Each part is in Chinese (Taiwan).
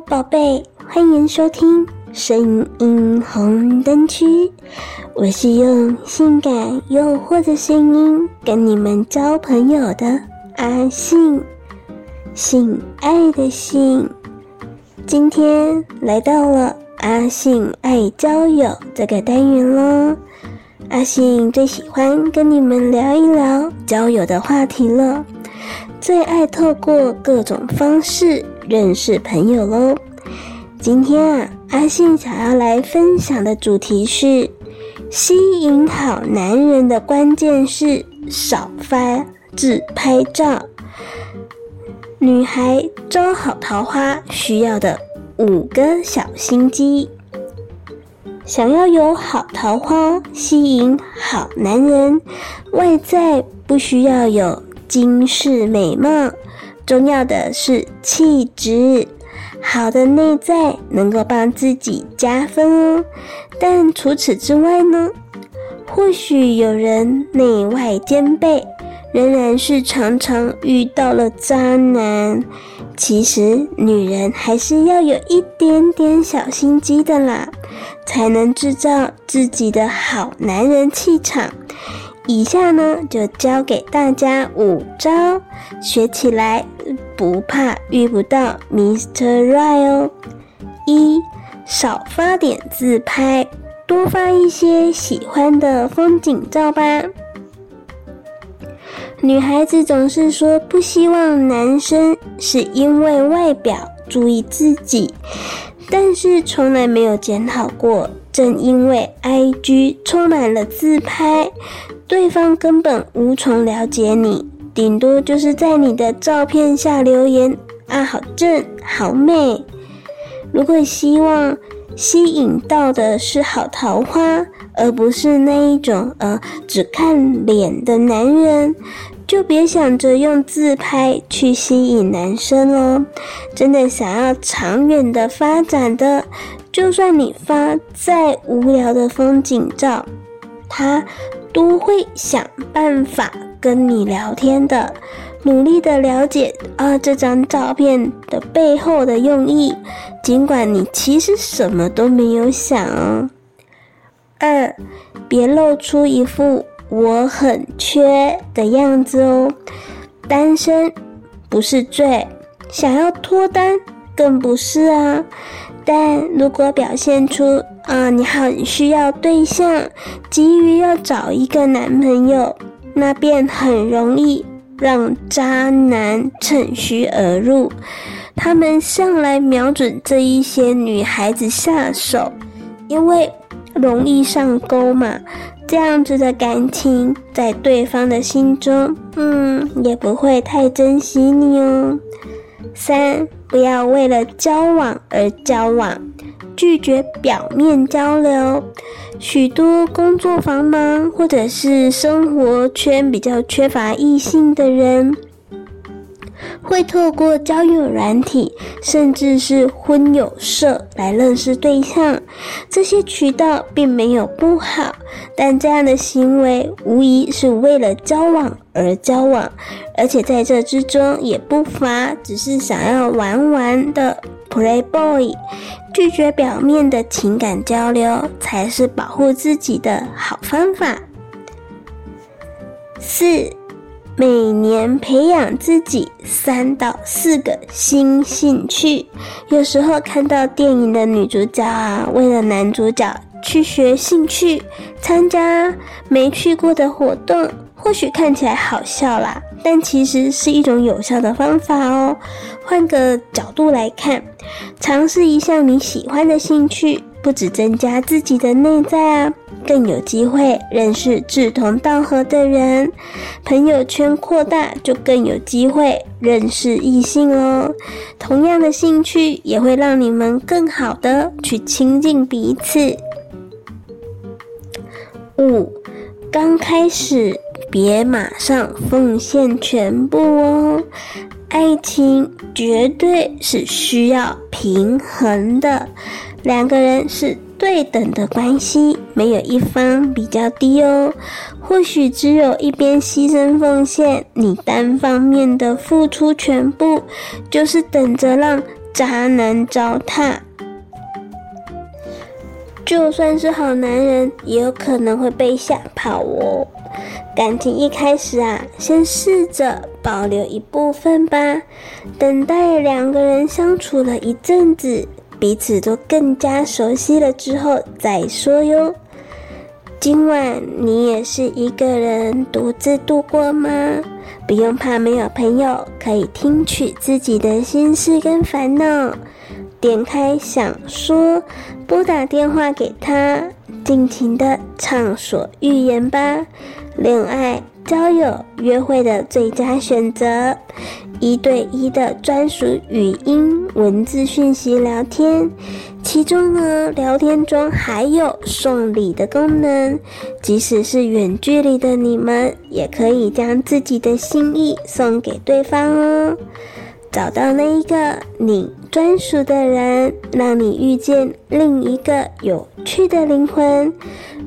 寶貝，歡迎收聽《聲音紅燈區》，我是用性感誘惑的聲音跟你們交朋友的阿性，性愛的性，今天來到了阿性愛交友這個單元了。阿性最喜歡跟你們聊一聊交友的話題了，最愛透過各種方式，認識朋友嘍！今天啊，阿性想要來分享的主題是：吸引好男人的關鍵是少發自拍照。女孩招好桃花需要的五個小心機。想要有好桃花，吸引好男人，外在不需要有驚世美貌。重要的是氣質，好的內在能夠幫自己加分哦。但除此之外呢，或許有人內外兼備，仍然是常常遇到了渣男。其實女人還是要有一點點小心機的啦，才能制造自己的好男人氣場。以下呢就教給大家五招，學起來不怕遇不到 Mr. Right 哦。一，少發點自拍，多發一些喜歡的風景照吧。女孩子總是說不希望男生是因為外表，注意自己，但是從來沒有檢討過。正因為 IG 充滿了自拍。對方根本無從了解你，頂多就是在你的照片下留言，啊，好正，好美。如果希望吸引到的是好桃花，而不是那一種，呃，只看臉的男人，就別想着用自拍去吸引男生哦。真的想要長遠的發展的，就算你發再無聊的風景照，他，都會想辦法跟你聊天的，努力的了解，啊，這張照片的背後的用意，儘管你其實什麼都沒有想哦。二，別露出一副我很缺的樣子哦。單身不是罪，想要脫單更不是啊。但如果表現出啊、呃，你很需要對象，急於要找一個男朋友，那便很容易讓渣男趁虛而入。他們向來瞄準這一些女孩子下手，因為容易上鈎嘛。這樣子的感情，在對方的心中，嗯，也不會太珍惜你哦。三，不要為了交往而交往，拒絕表面交流。許多工作繁忙或者是生活圈比較缺乏異性的人，會透過交友軟體，甚至是婚友社來認識對象，這些渠道並沒有不好，但這樣的行為無疑是為了交往而交往，而且在這之中也不乏只是想要玩玩的 playboy，拒絕表面的情感交流才是保護自己的好方法。四。每年培養自己三到四個新興趣，有時候看到電影的女主角啊，為了男主角去學興趣，參加沒去過的活動，或許看起來好笑啦，但其實是一種有效的方法哦。換個角度來看，嘗試一下你喜歡的興趣。不止增加自己的內在啊，更有機會認識志同道合的人，朋友圈擴大就更有機會認識異性哦。同樣的興趣也會讓你們更好的去親近彼此。五，剛開始別馬上奉獻全部哦，愛情絕對是需要平衡的。兩個人是對等的關係，沒有一方比較低哦。或許只有一邊犧牲奉獻，你單方面的付出全部，就是等着讓渣男糟蹋。就算是好男人，也有可能會被嚇跑哦。感情一開始啊，先試着保留一部分吧，等待兩個人相處了一陣子。彼此都更加熟悉了之後再說喲。今晚你也是一個人獨自度過嗎？不用怕沒有朋友可以聽取自己的心事跟煩惱。點開享說，撥打電話給他，盡情的暢所欲言吧。戀愛。交友約會的最佳選擇，一對一的專屬語音、文字訊息聊天，其中呢，聊天中還有送禮的功能，即使是遠距離的你們，也可以將自己的心意送給對方哦。找到那一個你專屬的人，讓你遇見另一個有趣的靈魂，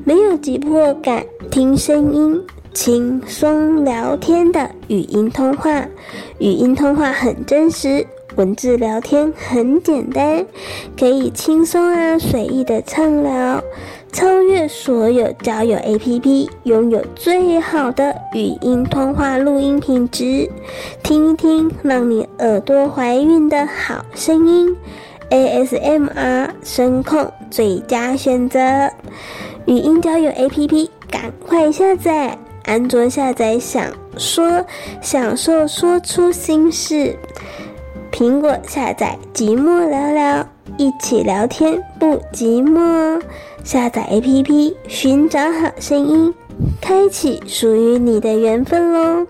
沒有急迫感，聽聲音。輕鬆聊天的語音通話，語音通話很真實，文字聊天很簡單，可以輕鬆啊隨意的暢聊，超越所有交友 APP，擁有最好的語音通話錄音品質，聽一聽讓你耳朵懷孕的好聲音，ASMR 聲控最佳選擇，語音交友 APP，趕快下載。安卓下載享說，享受說，說出心事；蘋果下載寂寞聊聊，一起聊天不寂寞。下載 APP，尋找好聲音，開啟屬於你的緣分咯。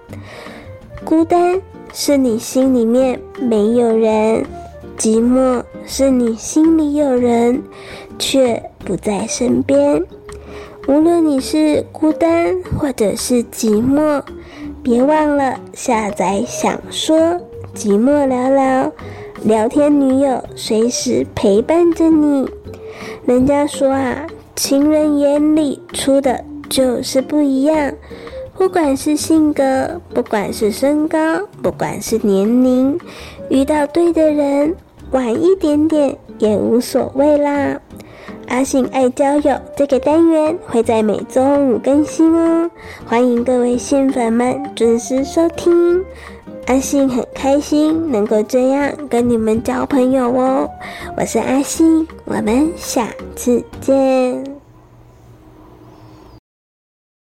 孤單是你心裡面沒有人，寂寞是你心裡有人卻不在身邊。無論你是孤單或者是寂寞，別忘了下載享說《寂寞聊聊》，聊天女友隨時陪伴着你。人家說啊，情人眼裡出的就是不一樣，不管是性格，不管是身高，不管是年齡，遇到對的人，晚一點點也無所謂啦。阿性愛交友這個單元會在每周五更新哦，歡迎各位性粉們準時收聽。阿性很開心能夠這樣跟你們交朋友哦，我是阿性，我們下次見。